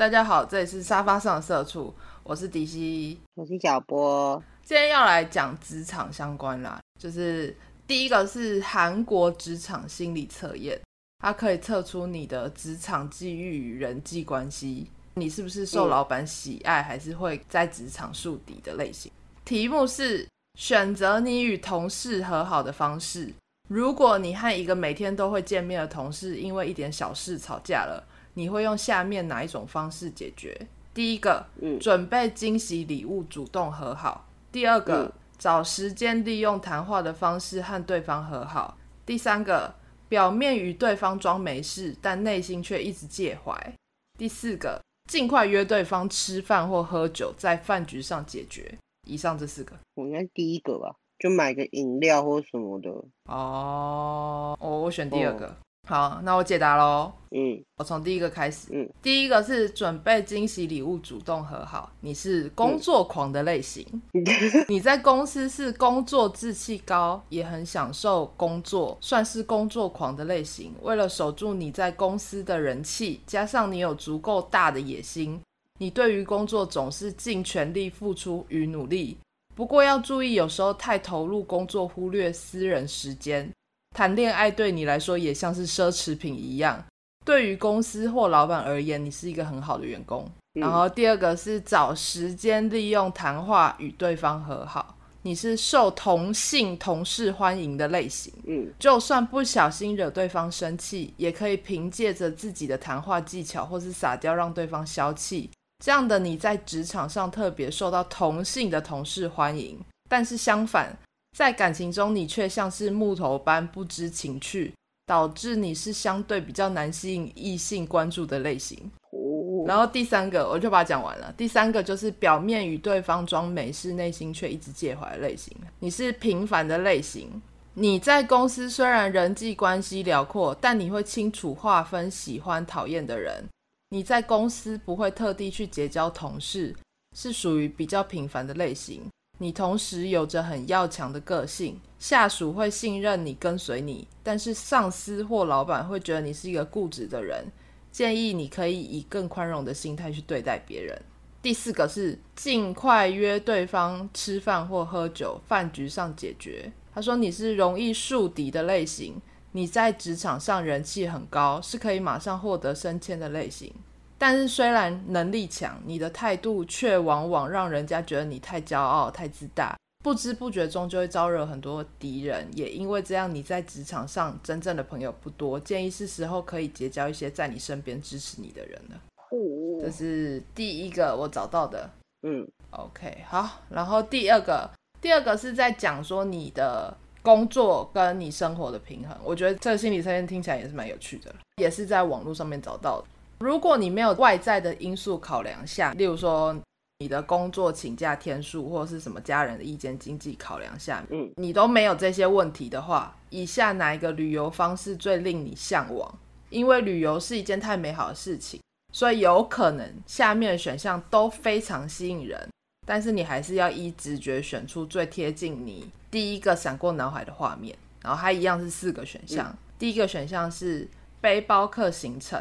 大家好，這裡是沙發上的社畜，我是迪西，我是小波，今天要來講職場相關啦。就是第一個是韓國職場心理測驗，它可以測出你的職場際遇與人際關係，你是不是受老板喜愛，嗯、還是會在職場樹敵的類型。題目是選擇你與同事和好的方式。如果你和一個每天都會見面的同事因為一點小事吵架了。你會用下面哪一種方式解決？第一個，準備驚喜禮物，主動和好；第二個，找時間利用談話的方式和對方和好；第三個，表面與對方裝沒事，但內心卻一直介懷；第四個，盡快約對方吃飯或喝酒，在飯局上解決。以上這四個，我應該第一個吧，就買個飲料或什麼的。哦，哦，我選第二個。Oh. 好，那我解答嘍。嗯，我從第一個開始。嗯，第一個是準備驚喜禮物，主動和好。你是工作狂的類型，嗯、 你在公司是工作志氣高，也很享受工作，算是工作狂的類型。為了守住你在公司的人氣，加上你有足夠大的野心，你對於工作總是盡全力付出與努力。不過要注意，有時候太投入工作，忽略私人時間。談戀愛對你來說也像是奢侈品一樣。對於公司或老板而言，你是一個很好的員工。嗯、然後第二個是找時間利用談話與對方和好。你是受同性同事歡迎的類型。嗯，就算不小心惹對方生氣，也可以憑借着自己的談話技巧或是撒嬌讓對方消氣。這樣的你在職場上特別受到同性的同事歡迎。但是相反。在感情中，你卻像是木頭般不知情趣，導致你是相對比較難吸引異性關注的類型。然後第三個，我就把它講完了。第三個就是表面與對方裝沒事，是內心卻一直介懷的類型。你是平凡的類型。你在公司雖然人際關係遼闊，但你會清楚劃分喜歡、討厭的人。你在公司不會特地去結交同事，是屬於比較平凡的類型。你同時有着很要強的個性，下屬會信任你跟隨你，但是上司或老板會覺得你是一個固執的人。建議你可以以更寬容的心態去對待別人。第四個是盡快約對方吃飯或喝酒，飯局上解決。他說，你是容易樹敵的類型，你在職場上人氣很高，是可以馬上獲得升遷的類型。但是雖然能力強，你的態度卻往往讓人家覺得你太驕傲、太自大，不知不覺中就會招惹很多敵人。也因為這樣，你在職場上真正的朋友不多。建議是時候可以結交一些在你身邊支持你的人了。哦哦哦，這是第一個我找到的。嗯，OK，好。然後第二個，第二個是在講說你的工作跟你生活的平衡。我覺得這個心理測驗聽起來也是蠻有趣的，也是在網絡上面找到的。如果你沒有外在的因素考量下，例如說你的工作請假天數，或是什麼家人的意見、經濟考量下面，嗯，你都沒有這些問題的話，以下哪一個旅遊方式最令你向往？因為旅遊是一件太美好的事情，所以有可能下面的選項都非常吸引人，但是你還是要依直覺選出最貼近你第一個閃過腦海的畫面。然後它一樣是四個選項，嗯、第一個選項是背包客行程。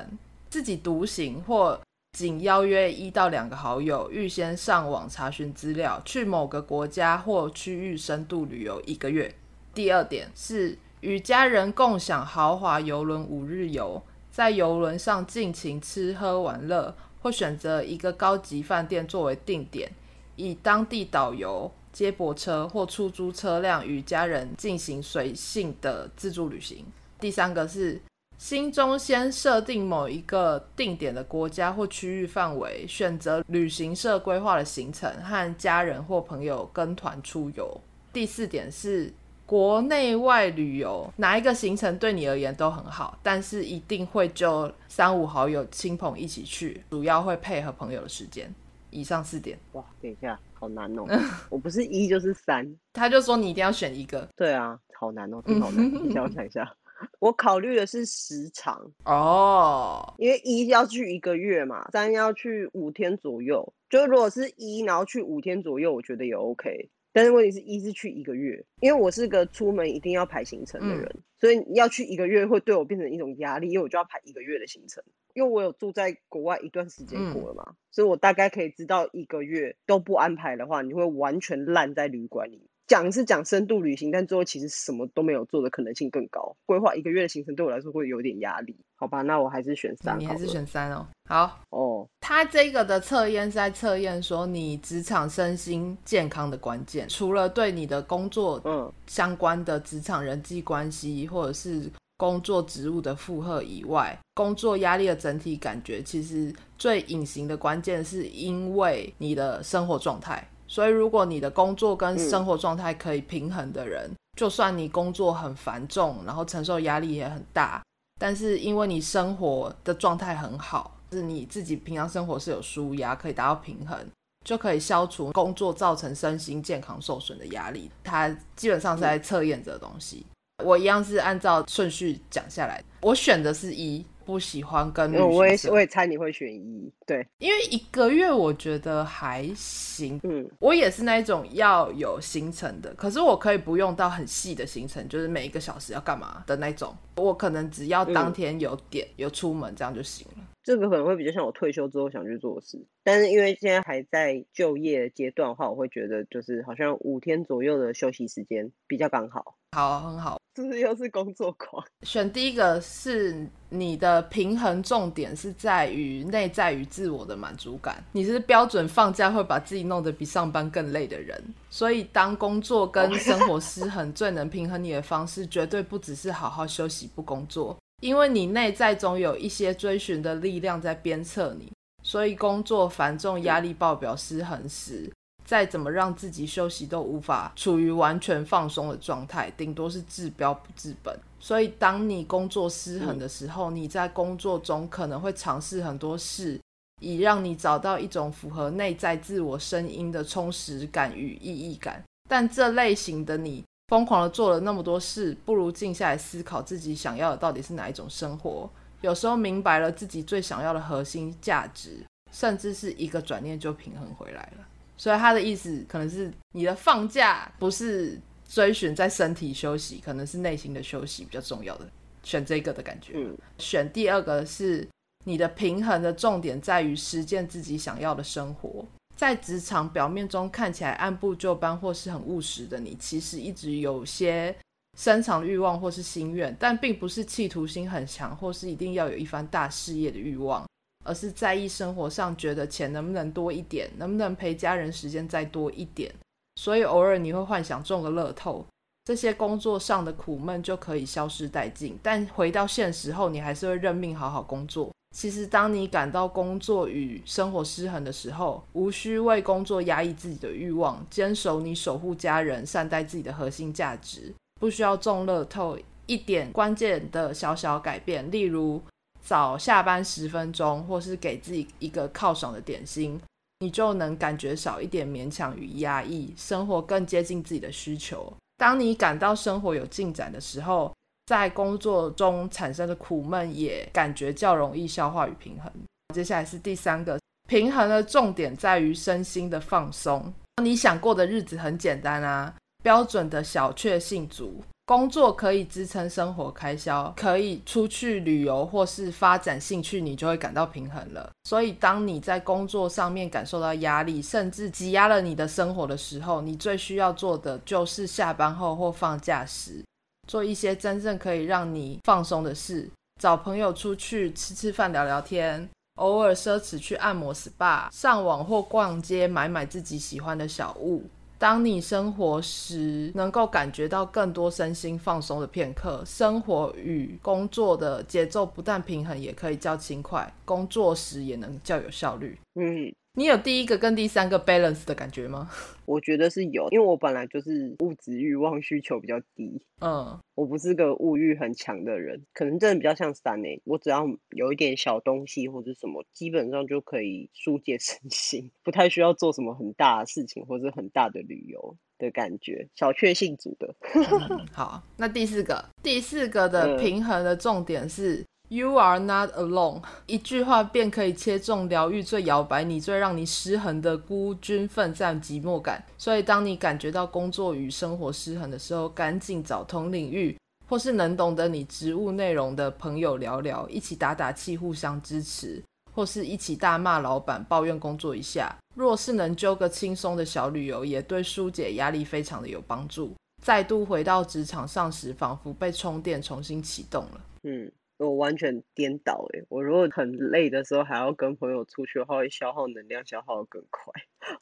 自己獨行或僅邀約一到兩個好友，預先上網查詢資料，去某個國家或區域深度旅遊一個月。第二點是與家人共享豪華郵輪五日遊，在郵輪上盡情吃喝玩樂，或選擇一個高級飯店作為定點，以當地導遊、接駁車或出租車輛與家人進行隨性的自助旅行。第三個是。心中先設定某一個定點的國家或區域範圍，選擇旅行社規劃的行程，和家人或朋友跟團出遊。第四點是國內外旅遊，哪一個行程對你而言都很好，但是一定會就三五好友、親朋一起去，主要會配合朋友的時間。以上四點。哇，等一下，好難哦！ 我不是一就是三，他就說你一定要選一個。對啊，好難哦，好難！你讓 我想，想一下。我考慮的是時長哦，Oh. 因為一要去一個月嘛，三要去五天左右。就如果是一，然後去五天左右，我覺得也 OK。但是問題是一是去一個月，因為我是個出門一定要排行程的人，嗯、所以要去一個月會對我變成一種壓力，因為我就要排一個月的行程。因為我有住在國外一段時間過了嘛，嗯、所以我大概可以知道一個月都不安排的話，你會完全爛在旅館裡面。講是講深度旅行，但最後其實什麼都沒有做的可能性更高。規劃一個月的行程對我來說會有點壓力，好吧？那我還是選三、嗯。你還是選三哦。好哦。他這個的測驗是在測驗說，你職場身心健康的關鍵，除了對你的工作相關的職場人際關係、嗯、或者是工作職務的負荷以外，工作壓力的整體感覺，其實最隱形的關鍵是因為你的生活狀態。所以，如果你的工作跟生活狀態可以平衡的人，嗯、就算你工作很繁重，然後承受壓力也很大，但是因為你生活的狀態很好，是你自己平常生活是有紓壓，可以達到平衡，就可以消除工作造成身心健康受損的壓力。它基本上是在測驗這個東西。嗯、我一樣是按照順序講下來，我選的是一。不喜歡跟我也我也猜你會選一，對，因為一個月我覺得還行。嗯，我也是那種要有行程的，可是我可以不用到很細的行程，就是每一個小時要幹嘛的那種。我可能只要當天有點、嗯、有出門這樣就行了。這個可能會比較像我退休之後想去做的事，但是因為現在還在就業階段的話，我會覺得就是好像五天左右的休息時間比較剛好。好，很好，就是又是工作狂。選第一個是你的平衡重點是在於內在與自我的滿足感。你是標準放假會把自己弄得比上班更累的人，所以當工作跟生活失衡，最能平衡你的方式， 絕對不只是好好休息不工作。因為你內在總有一些追尋的力量在鞭策你，所以工作繁重、壓力爆表、失衡時，再怎麼讓自己休息都無法處於完全放鬆的狀態，頂多是治標不治本。所以，當你工作失衡的時候，嗯，你在工作中可能會嘗試很多事，以讓你找到一種符合內在自我聲音的充實感與意義感。但這類型的你。瘋狂的做了那麼多事，不如靜下來思考自己想要的到底是哪一種生活。有時候明白了自己最想要的核心價值，甚至是一個轉念就平衡回來了。所以他的意思可能是，你的放假不是追尋在身體休息，可能是內心的休息比較重要的。選這個的感覺，嗯，選第二個是你的平衡的重點在於實踐自己想要的生活。在職場表面中看起來按部就班或是很務實的你，其實一直有些深藏的慾望或是心願，但並不是企圖心很強，或是一定要有一番大事業的慾望，而是在意生活上覺得錢能不能多一點，能不能陪家人時間再多一點，所以偶爾你會幻想中個樂透。這些工作上的苦悶就可以消失殆盡，但回到現實後，你還是會認命，好好工作。其實，當你感到工作與生活失衡的時候，無需為工作壓抑自己的慾望，堅守你守護家人、善待自己的核心價值。不需要中樂透，一點關鍵的小小改變，例如早下班十分鐘，或是給自己一個犒賞的點心，你就能感覺少一點勉強與壓抑，生活更接近自己的需求。當你感到生活有進展的時候，在工作中產生的苦悶也感覺較容易消化與平衡。接下來是第三個，平衡的重點在於身心的放鬆。你想過的日子很簡單啊，標準的小確幸族。工作可以支撐生活開銷，可以出去旅遊或是發展興趣，你就會感到平衡了。所以，當你在工作上面感受到壓力，甚至擠壓了你的生活的時候，你最需要做的就是下班後或放假時，做一些真正可以讓你放鬆的事，找朋友出去吃吃飯、聊聊天，偶爾奢侈去按摩 SPA、上網或逛街買買自己喜歡的小物。當你生活時，能夠感覺到更多身心放鬆的片刻，生活與工作的節奏不但平衡，也可以較輕快，工作時也能較有效率。嗯。你有第一個跟第三個 balance 的感覺嗎？我覺得是有，因為我本來就是物質欲望需求比較低，嗯，我不是個物欲很強的人，可能真的比較像 Stanley。我只要有一點小東西或者什麼，基本上就可以疏解身心，不太需要做什麼很大的事情或者很大的旅遊的感覺，小確幸族的、 嗯。好，那第四個，第四個的平衡的重點是。嗯 You are not alone。一句話便可以切中療癒最搖擺、你最讓你失衡的孤軍奮戰、寂寞感。所以，當你感覺到工作與生活失衡的時候，趕緊找同領域或是能懂得你職務內容的朋友聊聊，一起打打氣，互相支持，或是一起大罵老板、抱怨工作一下。若是能揪個輕鬆的小旅遊，也對紓解壓力非常的有幫助。再度回到職場上時，仿佛被充電重新啟動了。嗯。我完全顛倒誒，我如果很累的時候，還要跟朋友出去的話，會消耗能量，消耗的更快。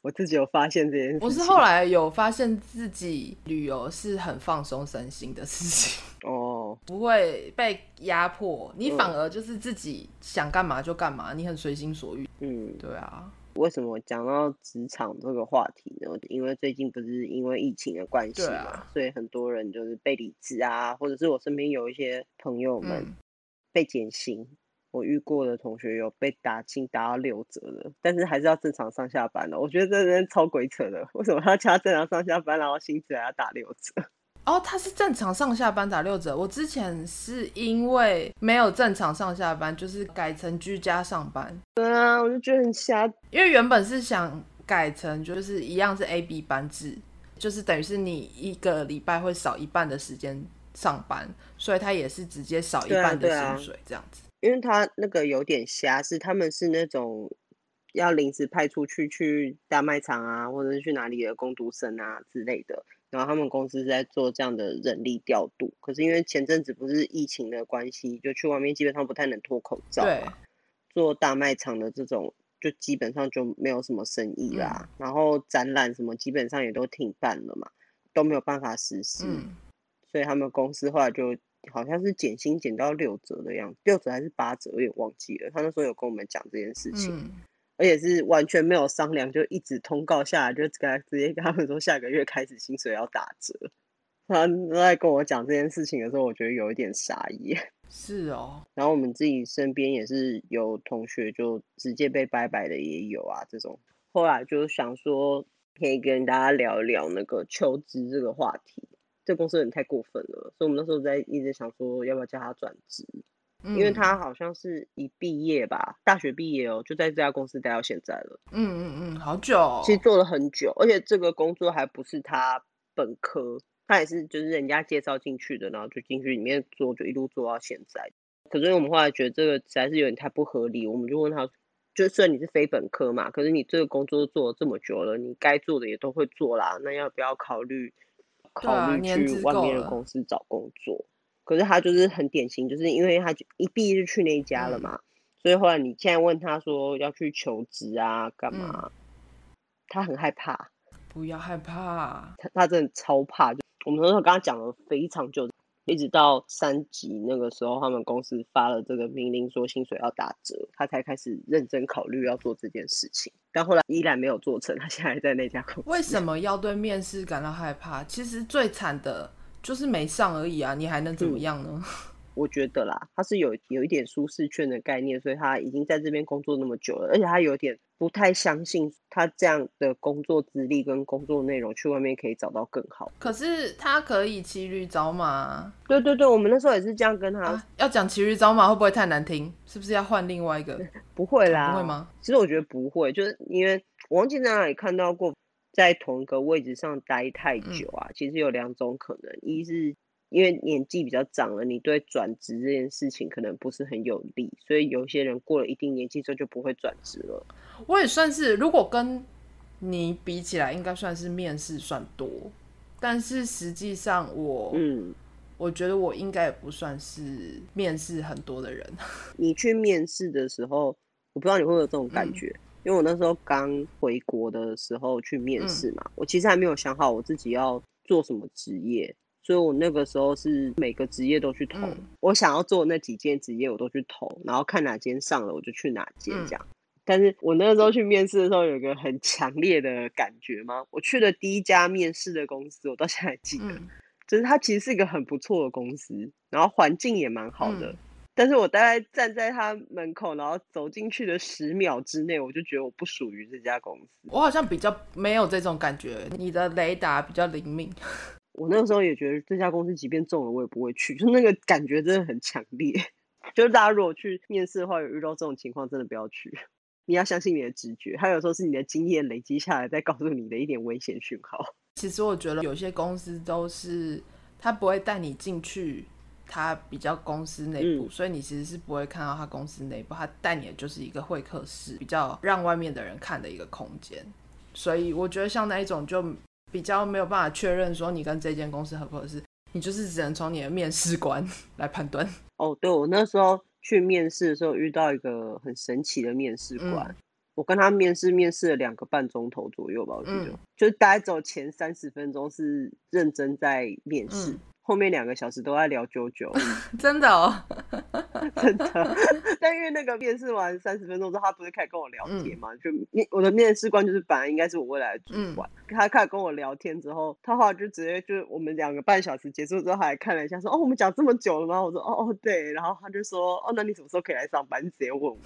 我自己有發現這件事情。我是後來有發現自己旅遊是很放鬆身心的事情哦，oh. 不會被壓迫，你反而就是自己想幹嘛就幹嘛，嗯、你很隨心所欲。嗯，對啊。為什麼講到職場這個話題呢？因為最近不是因為疫情的關係嘛，啊、所以很多人就是被離職啊，或者是我身邊有一些朋友們、嗯。被減薪，我遇過的同學有被打薪打到六折的，但是還是要正常上下班的。我覺得這真的超鬼扯的，為什麼他加正常上下班，然後薪資還要打六折？哦，他是正常上下班打六折。我之前是因為沒有正常上下班，就是改成居家上班。對啊，我就覺得很瞎，因為原本是想改成就是一樣是 A B 班制，就是等於是你一個禮拜會少一半的時間。上班，所以他也是直接少一半的薪水，對、啊、這樣子。因為他那個有點瞎，是他們是那種要臨時派出去去大賣場啊，或者是去哪裡的工讀生啊之類的。然後他們公司是在做這樣的人力調度。可是因為前陣子不是疫情的關係，就去外面基本上不太能脫口罩嘛。對做大賣場的這種，就基本上就沒有什麼生意啦。嗯、然後展覽什麼基本上也都停辦了嘛，都沒有辦法實施。嗯所以他們公司後來就好像是減薪減到六折的樣子，六折還是八折，我也忘記了。他那時候有跟我們講這件事情，嗯。而且是完全沒有商量，就一直通告下來，就直接跟他們說下個月開始薪水要打折。他在跟我講這件事情的時候，我覺得有一點傻眼。是哦，然後我們自己身邊也是有同學就直接被拜拜的也有啊，這種。後來就想說可以跟大家聊一聊那個求職這個話題。這公司人太過分了，所以我們那時候在一直想說，要不要叫他轉職，嗯、因為他好像是一畢業吧，大學畢業哦，就在這家公司待到現在了。嗯嗯嗯，好久哦，其實做了很久，而且這個工作還不是他本科，他也是就是人家介紹進去的，然後就進去裡面做，就一路做到現在。可是我們後來覺得這個實在是有點太不合理，我們就問他，就算你是非本科嘛，可是你這個工作做了這麼久了，你該做的也都會做啦，那要不要考慮？考慮去外面的公司找工作，啊、可是他就是很典型，就是因為他就一畢業就去那一家了嘛，嗯、所以後來你現在問他說要去求職啊幹嘛，嗯、他很害怕，不要害怕、啊，他他真的超怕，就我們剛剛講了非常久。一直到三級那個時候，他們公司發了這個命令，說薪水要打折，他才開始認真考慮要做這件事情。但後來依然沒有做成，他現在還在那家公司。為什麼要對面試感到害怕？其實最慘的就是沒上而已啊，你還能怎麼樣呢？嗯我覺得啦，他是有有一點舒適圈的概念，所以他已經在這邊工作那麼久了，而且他有點不太相信他這樣的工作資歷跟工作內容，去外面可以找到更好。可是他可以騎驢找馬嘛？對對對，我們那時候也是這樣跟他、啊、要講騎驢找馬嘛，會不會太難聽？是不是要換另外一個？ 不會啦、啊，不會嗎？其實我覺得不會，就是因為我忘記在哪裡看到過，在同一個位置上待太久啊，嗯、其實有兩種可能，一是。因為年紀比較長了，你對轉職這件事情可能不是很有利，所以有些人過了一定年紀之後就不會轉職了。我也算是，如果跟你比起來，應該算是面試算多，但是實際上我，嗯，我覺得我應該也不算是面試很多的人。你去面試的時候，我不知道你會不會有這種感覺，嗯，因為我那時候剛回國的時候去面試嘛，嗯，我其實還沒有想好我自己要做什麼職業。所以我那個時候是每個職業都去投，嗯、我想要做那幾件職業我都去投，然後看哪間上了我就去哪間這樣。嗯、但是我那個時候去面試的時候，有一個很強烈的感覺嗎？我去的第一家面試的公司，我到現在還記得，嗯、就是它其實是一個很不錯的公司，然後環境也蠻好的。嗯、但是我大概站在他門口，然後走進去的十秒之內，我就覺得我不屬於這家公司。我好像比較沒有這種感覺，你的雷達比較靈敏。我那個時候也覺得這家公司即便中了我也不會去，就那個感覺真的很強烈。就是大家如果去面試的話，有遇到這種情況，真的不要去。你要相信你的直覺，還有時候是你的經驗累積下來在告訴你的一點危險訊號。其實我覺得有些公司都是他不會帶你進去，他比較公司內部，嗯，所以你其實是不會看到他公司內部。他帶你的就是一個會客室，比較讓外面的人看的一個空間。所以我覺得像那一種就。比較沒有辦法確認說你跟這間公司合不合適，你就是只能從你的面試官來判斷。哦，對，我那時候去面試的時候遇到一個很神奇的面試官，嗯、我跟他面試面試了兩個半鐘頭左右吧，我覺得、嗯、就是大概只有前三十分鐘是認真在面試。嗯後面兩個小時都在聊九九，真的哦，真的。但因為那個面試完三十分鐘之後，他不是開始跟我聊天嗎？嗯、就面我的面試官就是本來應該是我未來的主管，嗯、他開始跟我聊天之後，他後來就直接就我們兩個半小時結束之後，他還看了一下，說：“哦，我們講這麼久了嗎？”我說：“哦哦，對。”然後他就說：“哦，那你什麼時候可以來上班？”你直接問我，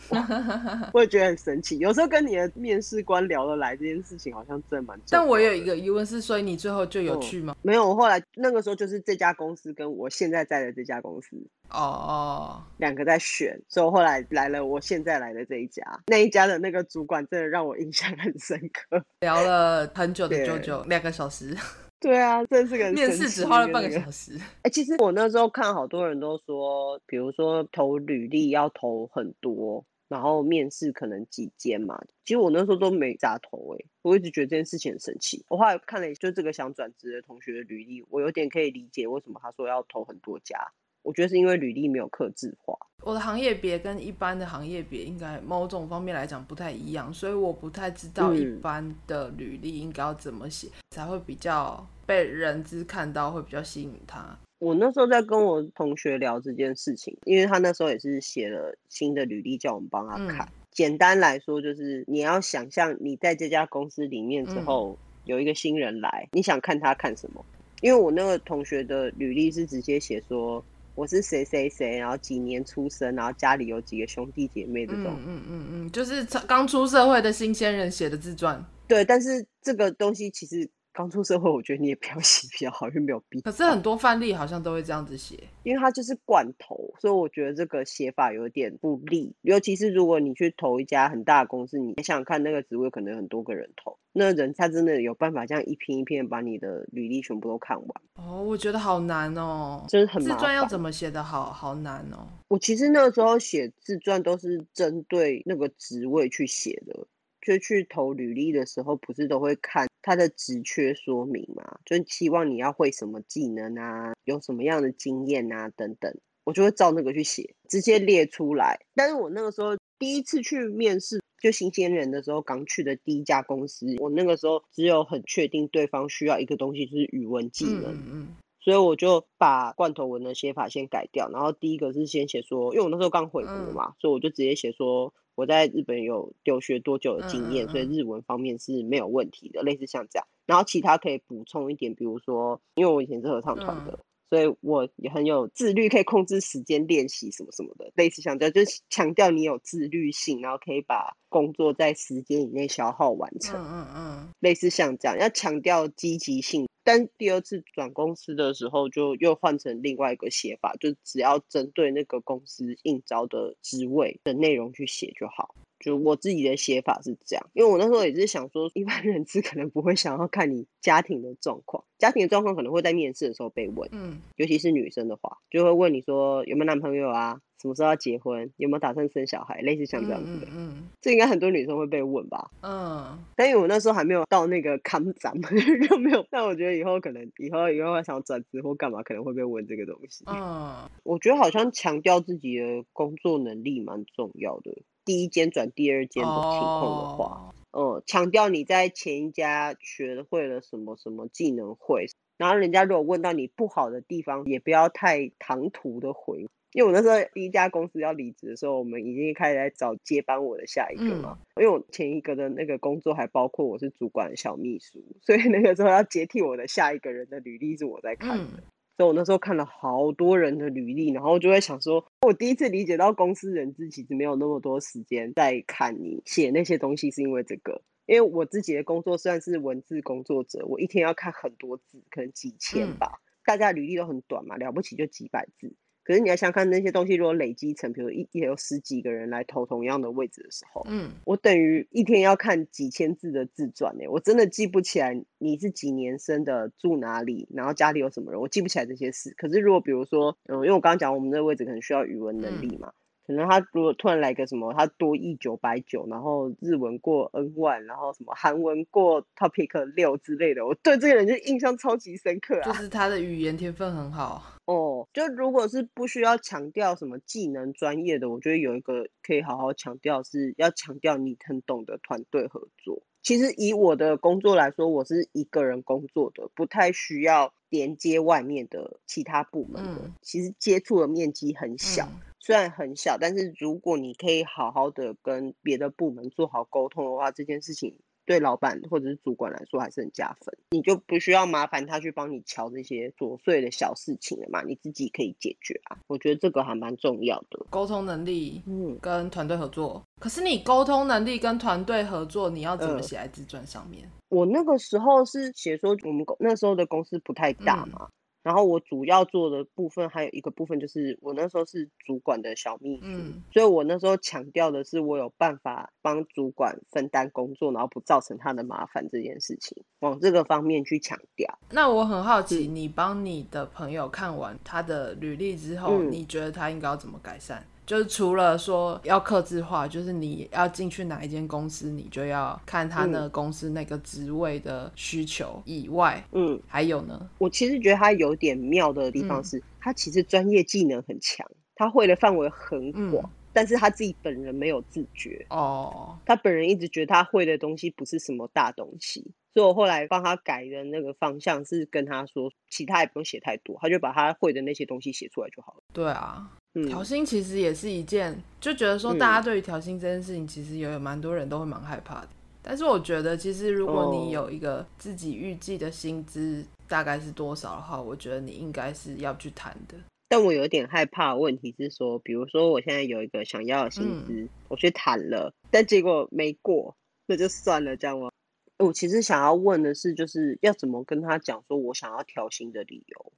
我也覺得很神奇。有時候跟你的面試官聊得來，這件事情好像真的蠻重要的……但我有一個疑問是，所以你最後就有去嗎、嗯？沒有，我後來那個時候就是這家。公司跟我現在在的這家公司哦哦，oh, oh. 兩個在選，所以我後來來了我現在來的這一家，那一家的那個主管真的讓我印象很深刻，聊了很久的久，久，久對兩個小時，對啊，真是個的是面試只花了半個小時。哎、欸，其實我那時候看好多人都說，比如說投履歷要投很多。然後面試可能幾間嘛，其實我那時候都沒咋投誒、欸，我一直覺得這件事情很神奇。我後來看了一下就這個想轉職的同學的履歷，我有點可以理解為什麼他說要投很多家。我覺得是因為履歷沒有客製化，我的行業別跟一般的行業別應該某種方面來講不太一樣，所以我不太知道一般的履歷應該要怎麼寫、嗯、才會比較被人資看到會比較吸引他。我那時候在跟我同學聊這件事情，因為他那時候也是寫了新的履歷，叫我們幫他看。嗯、簡單來說，就是你要想象你在這家公司裡面之後有一個新人來，嗯、你想看他看什麼？因為我那個同學的履歷是直接寫說我是誰誰誰，然後幾年出生，然後家裡有幾個兄弟姐妹的這種。嗯嗯嗯嗯，就是剛出社會的新鮮人寫的自傳。對，但是這個東西其實。剛出社會，我覺得你也不要寫比較好，因為沒有必要。可是很多範例好像都會這樣子寫，因為它就是罐頭，所以我覺得這個寫法有點不利。尤其是如果你去投一家很大的公司，你想想看，那個職位可能很多個人投，那人他真的有辦法這樣一篇一篇把你的履歷全部都看完？哦，我覺得好難哦，真的很難。自傳要怎麼寫得好好難哦。我其實那個時候寫自傳都是針對那個職位去寫的。就去投履歷的時候，不是都會看他的職缺說明嘛？就希望你要會什麼技能啊，有什麼樣的經驗啊等等，我就會照那個去寫，直接列出來。但是我那個時候第一次去面試，就新鮮人的時候，剛去的第一家公司，我那個時候只有很確定對方需要一個東西，就是語文技能。嗯、所以我就把罐頭文的寫法先改掉，然後第一個是先寫說，因為我那時候剛回國嘛，嗯、所以我就直接寫說。我在日本有留學多久的經驗，嗯嗯、所以日文方面是沒有問題的，類似像這樣。然後其他可以補充一點，比如說，因為我以前是合唱團的，嗯、所以我也很有自律，可以控制時間練習什麼什麼的，類似像這樣，就是強調你有自律性，然後可以把工作在時間以內消耗完成，嗯嗯嗯，嗯嗯類似像這樣，要強調積極性。但第二次轉公司的時候，就又換成另外一個寫法，就只要針對那個公司應招的職位的內容去寫就好。就我,我自己的寫法是這樣，因為我那時候也是想說，一般人資可能不會想要看你家庭的狀況，家庭的狀況可能會在面試的時候被問，嗯，尤其是女生的話，就會問你說有沒有男朋友啊，什麼時候要結婚，有沒有打算生小孩，類似像這樣子的，嗯,嗯這應該很多女生會被問吧，嗯，但因為我那時候還沒有到那個看咱 就沒有，但我覺得以後可能，以後以後想轉職或幹嘛，可能會被問這個東西，嗯，我覺得好像強調自己的工作能力蠻重要的。第一間轉第二間的情況的話，嗯、oh. 呃，強調你在前一家學會了什麼什麼技能會，然後人家如果問到你不好的地方，也不要太唐突的回。因為我那時候第一家公司要離職的時候，我們已經開始來找接班我的下一個嘛，mm. 因為我前一個的那個工作還包括我是主管小秘書，所以那個時候要接替我的下一個人的履歷是我在看的。Mm. 我那時候看了好多人的履歷，然後我就會想說，我第一次理解到公司人資其實沒有那麼多時間在看你寫那些東西，是因為這個。因為我自己的工作算是文字工作者，我一天要看很多字，可能幾千吧。大家的履歷都很短嘛，了不起就幾百字。可是你要想看那些東西，如果累積成，比如一天有十幾個人來投同樣的位置的時候，嗯，我等於一天要看幾千字的自傳、欸、我真的記不起來你是幾年生的，住哪裡，然後家裡有什麼人，我記不起來這些事。可是如果比如說，嗯，因為我剛剛講我們這個位置可能需要語文能力嘛。嗯可能他如果突然來個什麼，他多益九百九，然後日文過 N 1，然後什麼韓文過 TOPIK 六之類的，我對這個人就印象超級深刻啊。就是他的語言天分很好。哦，oh, 就如果是不需要強調什麼技能專業的，我覺得有一個可以好好強調，是要強調你很懂得團隊合作。其實以我的工作來說，我是一個人工作的，不太需要連接外面的其他部門的，嗯、其實接觸的面積很小。嗯雖然很小，但是如果你可以好好的跟別的部門做好溝通的話，這件事情對老板或者是主管來說還是很加分。你就不需要麻煩他去幫你喬這些瑣碎的小事情了嘛，你自己可以解決啊。我覺得這個還蠻重要的，溝通能力，嗯，跟團隊合作。可是你溝通能力跟團隊合作，嗯、你，合作你要怎麼寫在自傳上面？呃，我那個時候是寫說我們公，那時候的公司不太大嘛。嗯然後我主要做的部分還有一個部分就是，我那時候是主管的小秘書，嗯，所以我那時候強調的是，我有辦法幫主管分擔工作，然後不造成他的麻煩這件事情，往這個方面去強調。那我很好奇，是你幫你的朋友看完他的履歷之後，嗯、你覺得他應該要怎麼改善？就是除了說要客製化，就是你要進去哪一間公司，你就要看他那公司那個職位的需求以外，嗯，嗯，還有呢，我其實覺得他有點妙的地方是，嗯、他其實專業技能很強，他會的範圍很廣，嗯、但是他自己本人沒有自覺哦，他本人一直覺得他會的東西不是什麼大東西，所以我後來幫他改的那個方向是跟他說，其他也不用寫太多，他就把他會的那些東西寫出來就好了。對啊。調薪、嗯、其實也是一件，就覺得說大家對於調薪這件事情，其實也有蠻多人都會蠻害怕的。嗯、但是我覺得，其實如果你有一個自己預計的薪資大概是多少的話，我覺得你應該是要去談的。但我有一點害怕的問題是說，比如說我現在有一個想要的薪資，嗯、我去談了，但結果沒過，那就算了這樣我，我其實想要問的是，就是要怎麼跟他講說我想要調薪的理由。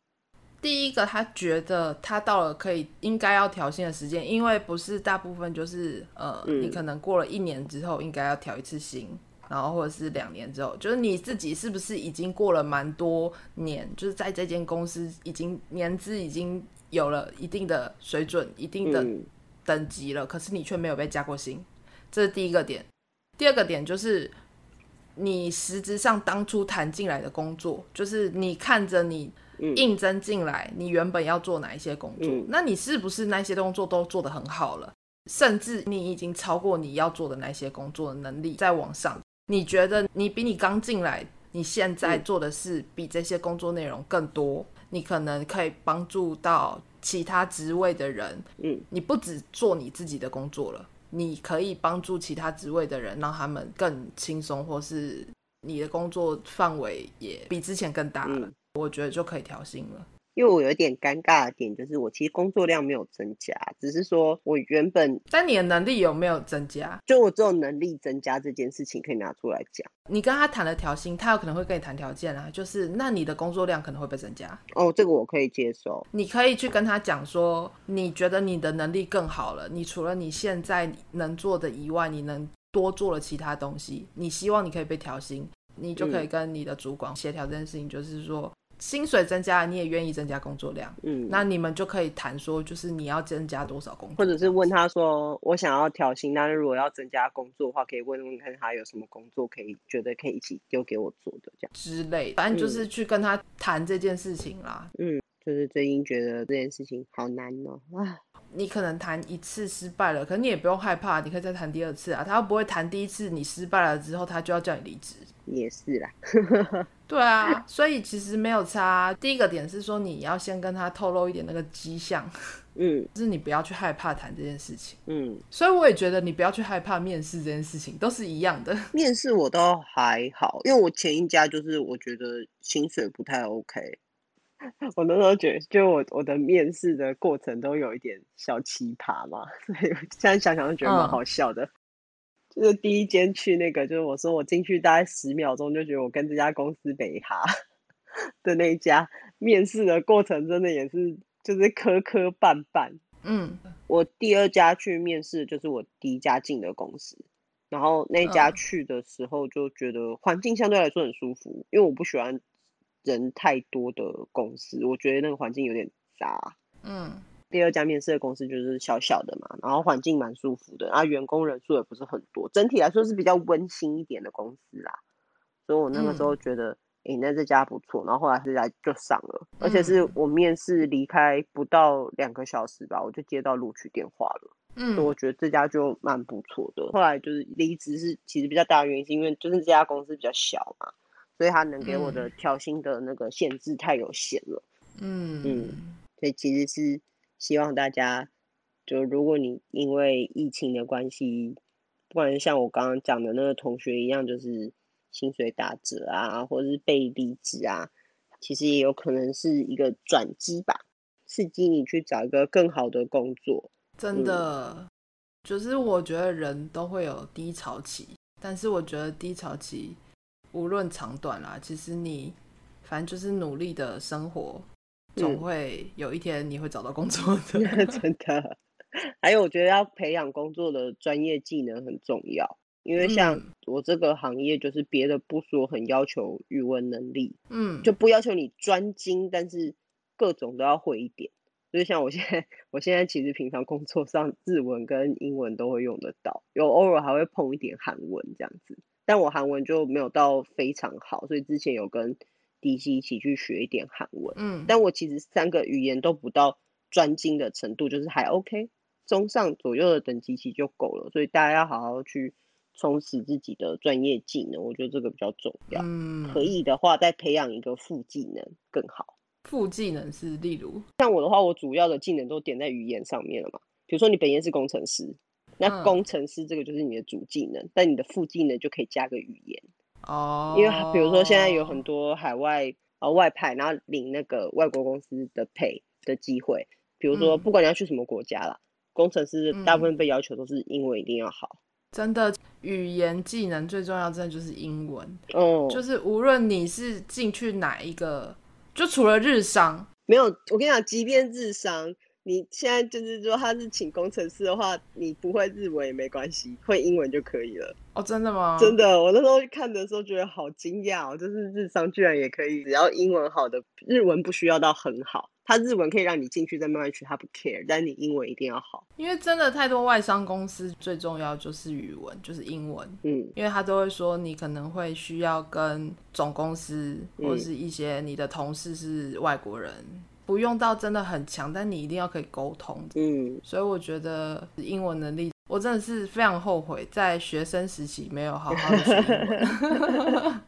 第一個，他覺得他到了可以應該要調薪的時間，因為不是大部分就是呃，嗯，你可能過了一年之後應該要調一次薪，然後或者是兩年之後，就是你自己是不是已經過了蠻多年，就是在這間公司已經年資已經有了一定的水準、一定的等級了，可是你卻沒有被加過薪，這是第一個點。第二個點就是你實質上當初談進來的工作，就是你看着你。嗯、應徵進來，你原本要做哪一些工作？嗯、那你是不是那些工作都做得很好了？甚至你已經超過你要做的那些工作的能力，再往上，你覺得你比你剛進來，你現在做的事比這些工作內容更多？嗯、你可能可以幫助到其他職位的人。嗯，你不止做你自己的工作了，你可以幫助其他職位的人，讓他們更輕鬆，或是你的工作範圍也比之前更大了。嗯我覺得就可以調薪了，因為我有一點尷尬的點，就是我其實工作量沒有增加，只是說我原本，但你的能力有沒有增加？就我這種能力增加這件事情，可以拿出來講。你跟他談了調薪，他有可能會跟你談條件啊，就是那你的工作量可能會被增加。哦，這個我可以接受。你可以去跟他講說，你覺得你的能力更好了，你除了你現在能做的以外，你能多做了其他東西，你希望你可以被調薪，你就可以跟你的主管協調這件事情，就是說。嗯薪水增加了，你也願意增加工作量？嗯，那你們就可以談說，就是你要增加多少工作，或者是問他說，我想要調薪，但是如果要增加工作的話，可以問問看他有什麼工作可以覺得可以一起丟給我做的這樣之類。反正就是去跟他談、嗯、這件事情啦。嗯，就是最近覺得這件事情好難哦啊。你可能談一次失敗了，可是你也不用害怕，你可以再談第二次啊。他又不會談第一次你失敗了之後，他就要叫你離職。也是啦， 對啊，所以其實沒有差啊，第一個點是說，你要先跟他透露一點那個跡象，嗯，就是你不要去害怕談這件事情，嗯，所以我也覺得你不要去害怕面試這件事情，都是一樣的。面試我都還好，因為我前一家就是我覺得薪水不太 OK，我那時候覺得，就我我的面試的過程都有一點小奇葩嘛，所以現在想想都覺得蠻好笑的。嗯就是第一間去那個，就是我說我進去大概十秒鐘，就覺得我跟這家公司不合的那一家面試的過程真的也是就是磕磕絆絆。嗯，我第二家去面試就是我第一家進的公司，然後那家去的時候就覺得環境相對來說很舒服，因為我不喜歡人太多的公司，我覺得那個環境有點雜。嗯。第二家面試的公司就是小小的嘛，然後環境蠻舒服的，然後員工人數也不是很多，整體來說是比較溫馨一點的公司啦。所以我那個時候覺得，哎、嗯欸，那這家不錯。然後後來這家就上了，嗯、而且是我面試離開不到兩個小時吧，我就接到錄取電話了。嗯，所以我覺得這家就蠻不錯的。後來就是離職是其實比較大的原因，是因為就是這家公司比較小嘛，所以他能給我的調薪的那個限制太有限了。嗯嗯，所以其實是。希望大家，就如果你因為疫情的關係，不管是像我剛剛講的那個同學一樣，就是薪水打折啊，或是被離職啊，其實也有可能是一個轉機吧，刺激你去找一個更好的工作。真的，嗯、就是我覺得人都會有低潮期，但是我覺得低潮期無論長短啦，其實你反正就是努力的生活。總會有一天你會找到工作的，嗯，真的。還有，我覺得要培養工作的專業技能很重要，因為像我這個行業，就是別的不說，很要求語文能力，嗯，就不要求你專精，但是各種都要會一點。所以像我現在，我現在其實平常工作上日文跟英文都會用得到，有偶爾還會碰一點韓文這樣子，但我韓文就沒有到非常好，所以之前有跟。一起一起去學一點韓文，嗯，但我其實三個語言都不到專精的程度，就是還 OK，中上左右的等級其實就夠了。所以大家要好好去充實自己的專業技能，我覺得這個比較重要。嗯，可以的話，再培養一個副技能更好。副技能是例如像我的話，我主要的技能都點在語言上面了嘛，比如說你本業是工程師，那工程師這個就是你的主技能，嗯，但你的副技能就可以加個語言。哦，oh. 因為比如說現在有很多海外呃、外派，然後領那個外國公司的 pay 的機會，比如說不管你要去什麼國家啦，嗯、工程師大部分被要求都是英文一定要好。真的，語言技能最重要，真的就是英文。哦，oh. 就是無論你是進去哪一個，就除了日商，沒有。我跟你講，即便日商，你現在就是說他是請工程師的話，你不會日文也沒關係，會英文就可以了。哦，oh, 真的嗎？真的，我那時候看的時候覺得好驚訝哦，就是日商居然也可以，只要英文好的，日文不需要到很好，他日文可以讓你進去再慢慢學，他不 care，但你英文一定要好，因為真的太多外商公司最重要就是語文，就是英文，嗯，因為他都會說你可能會需要跟總公司或是一些你的同事是外國人，嗯、不用到真的很強，但你一定要可以溝通，嗯，所以我覺得英文能力。我真的是非常後悔，在學生時期沒有好好學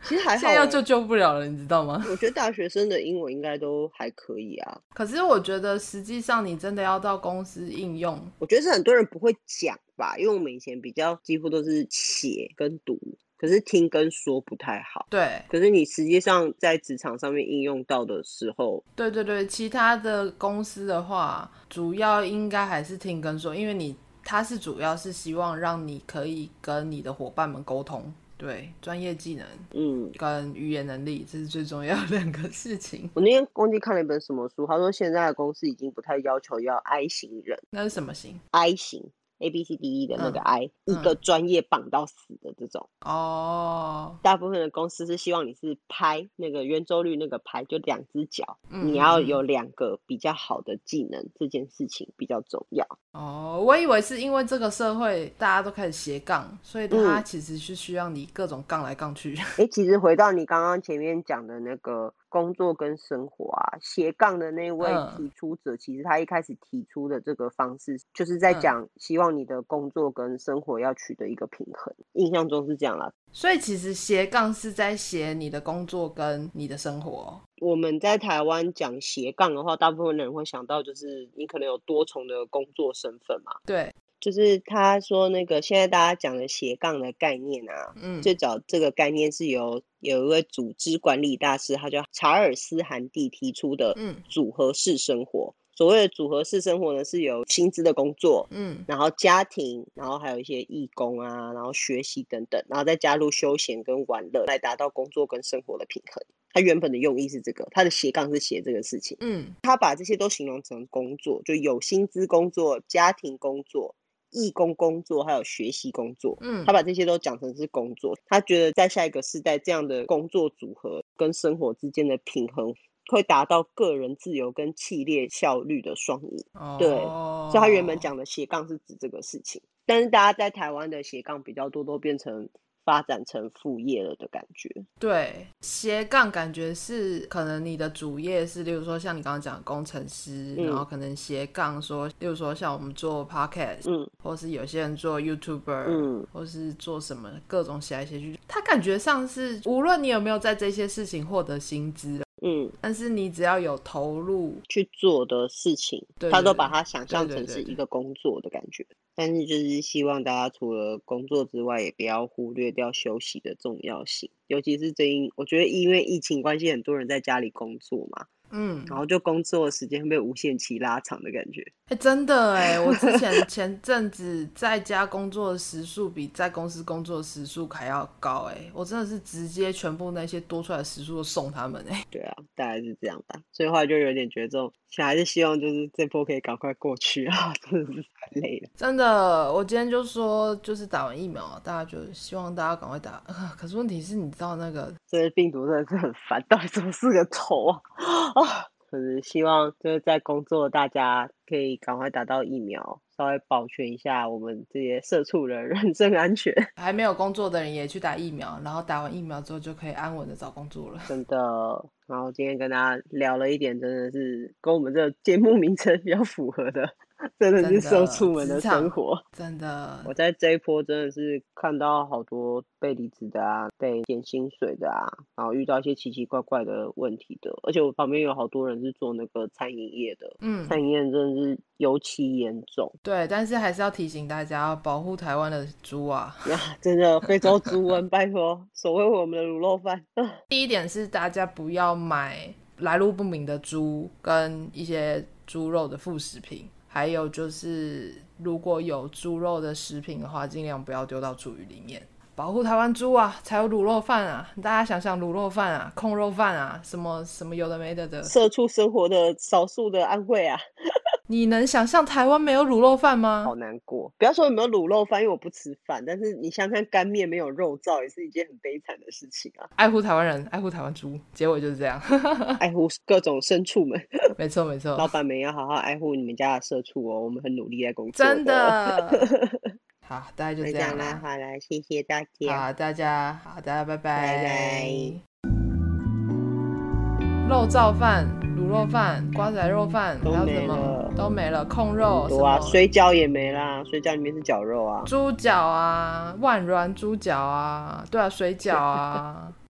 其實還好，現在就救不了了，你知道嗎？我覺得大學生的英文應該都還可以啊。可是我覺得，實際上你真的要到公司應用，我覺得是很多人不會講吧？因為我們以前比較幾乎都是寫跟讀，可是聽跟說不太好。對。可是你實際上在職場上面應用到的時候，對對對，其他的公司的話，主要應該還是聽跟說，因為你。它是主要是希望讓你可以跟你的夥伴們溝通，對專業技能，嗯，跟語言能力，嗯，這是最重要的兩個事情。我那天工地看了一本什麼書，他說現在的公司已經不太要求要 I 型人，那是什麼型？I 型。A B C D E 的那個 I，嗯嗯、一個專業綁到死的這種哦，大部分的公司是希望你是拍那個圓週率那個拍，就兩隻腳，嗯、你要有兩個比較好的技能，這件事情比較重要。嗯嗯、哦。我以為是因為這個社會大家都開始斜槓，所以它其實是需要你各種槓來槓去。哎、嗯欸，其實回到你剛剛前面講的那個。工作跟生活啊，斜槓的那位提出者，uh. 其實他一開始提出的這個方式，就是在講希望你的工作跟生活要取得一個平衡。印象中是這樣啦，所以其實斜槓是在寫你的工作跟你的生活。我們在台灣講斜槓的話，大部分人會想到就是你可能有多重的工作身份嘛。對。就是他說那個現在大家講的斜槓的概念啊，嗯，最早這個概念是由有一位組織管理大師，他叫查爾斯·韓蒂提出的，嗯，組合式生活。所謂的組合式生活呢，是有薪資的工作，嗯，然後家庭，然後還有一些義工啊，然後學習等等，然後再加入休閒跟玩樂，來達到工作跟生活的平衡。他原本的用意是這個，他的斜槓是寫這個事情，嗯，他把這些都形容成工作，就有薪資工作、家庭工作。義工工作還有學習工作，嗯，他把這些都講成是工作，他覺得在下一個世代這樣的工作組合跟生活之間的平衡，會達到個人自由跟系列效率的雙贏。對，哦、所以他原本講的斜槓是指這個事情，但是大家在台灣的斜槓比較多，都變成。發展成副業了的感覺，對，斜槓感覺是可能你的主業是，例如說像你剛剛講的工程師，嗯、然後可能斜槓說，例如說像我們做 podcast 嗯，或是有些人做 YouTuber，嗯，或是做什麼各種寫來寫去，他感覺上是無論你有沒有在這些事情獲得薪資。嗯，但是你只要有投入去做的事情，對對對，他都把它想象成是一個工作的感覺。對對對對對，但是就是希望大家除了工作之外，也不要忽略掉休息的重要性，尤其是最近，我覺得因為疫情關係，很多人在家裡工作嘛。嗯，然後就工作的時間被無限期拉長的感覺。哎、欸，真的哎，我之前 前陣子在家工作的時數比在公司工作的時數還要高哎，我真的是直接全部那些多出來的時數都送他們哎。對啊，大概是這樣的，所以後來就有點覺得這種，想還是希望就是這波可以趕快過去啊，真的是太累了。真的，我今天就說，就是打完疫苗，大家就希望大家趕快打。可是問題是，你知道那個這些病毒真的是很煩，到底怎麼是個頭啊？啊，可是、哦、希望就是在工作，大家可以趕快打到疫苗，稍微保全一下我們這些社畜的人，人身安全。還沒有工作的人也去打疫苗，然後打完疫苗之後就可以安穩的找工作了。真的，然後今天跟大家聊了一點，真的是跟我們這個節目名稱比較符合的。真的是社畜們的生活，真的。我在這一波真的是看到好多被離職的啊，被減薪水的啊，然後遇到一些奇奇怪怪怪的問題的。而且我旁邊有好多人是做那個餐飲業的，嗯，餐飲業真的是尤其嚴重。對，但是還是要提醒大家，保護台灣的豬啊！啊，真的非洲豬瘟，拜託，守護我們的滷肉飯。第一點是大家不要買來路不明的豬跟一些豬肉的副食品。還有就是，如果有豬肉的食品的話，盡量不要丟到廚餘裡面。保護台灣豬啊，才有滷肉飯啊！大家想想滷肉飯啊，控肉飯啊，什麼什麼有的沒的的。社畜生活的少數的安慰啊！ 你能想象台灣沒有滷肉飯嗎？好難過！不要說有沒有滷肉飯，因為我不吃飯。但是你想想乾面沒有肉燥也是一件很悲慘的事情啊！愛護台灣人，愛護台灣豬，結果就是這樣。 愛護各種牲畜們。沒錯沒錯。老板們要好好愛護你們家的社畜哦，我們很努力在工作的哦。真的。 好，大家就這樣啦。好啦，謝謝大家。好，大家，好，大家，拜拜。Bye bye。肉燥飯、滷肉飯、瓜仔肉飯，還有什麼？都沒了，都沒了。控肉。多啊，什麼？水餃也沒啦，水餃裡面是絞肉啊。豬腳啊，萬軟豬腳啊，對啊，水餃啊。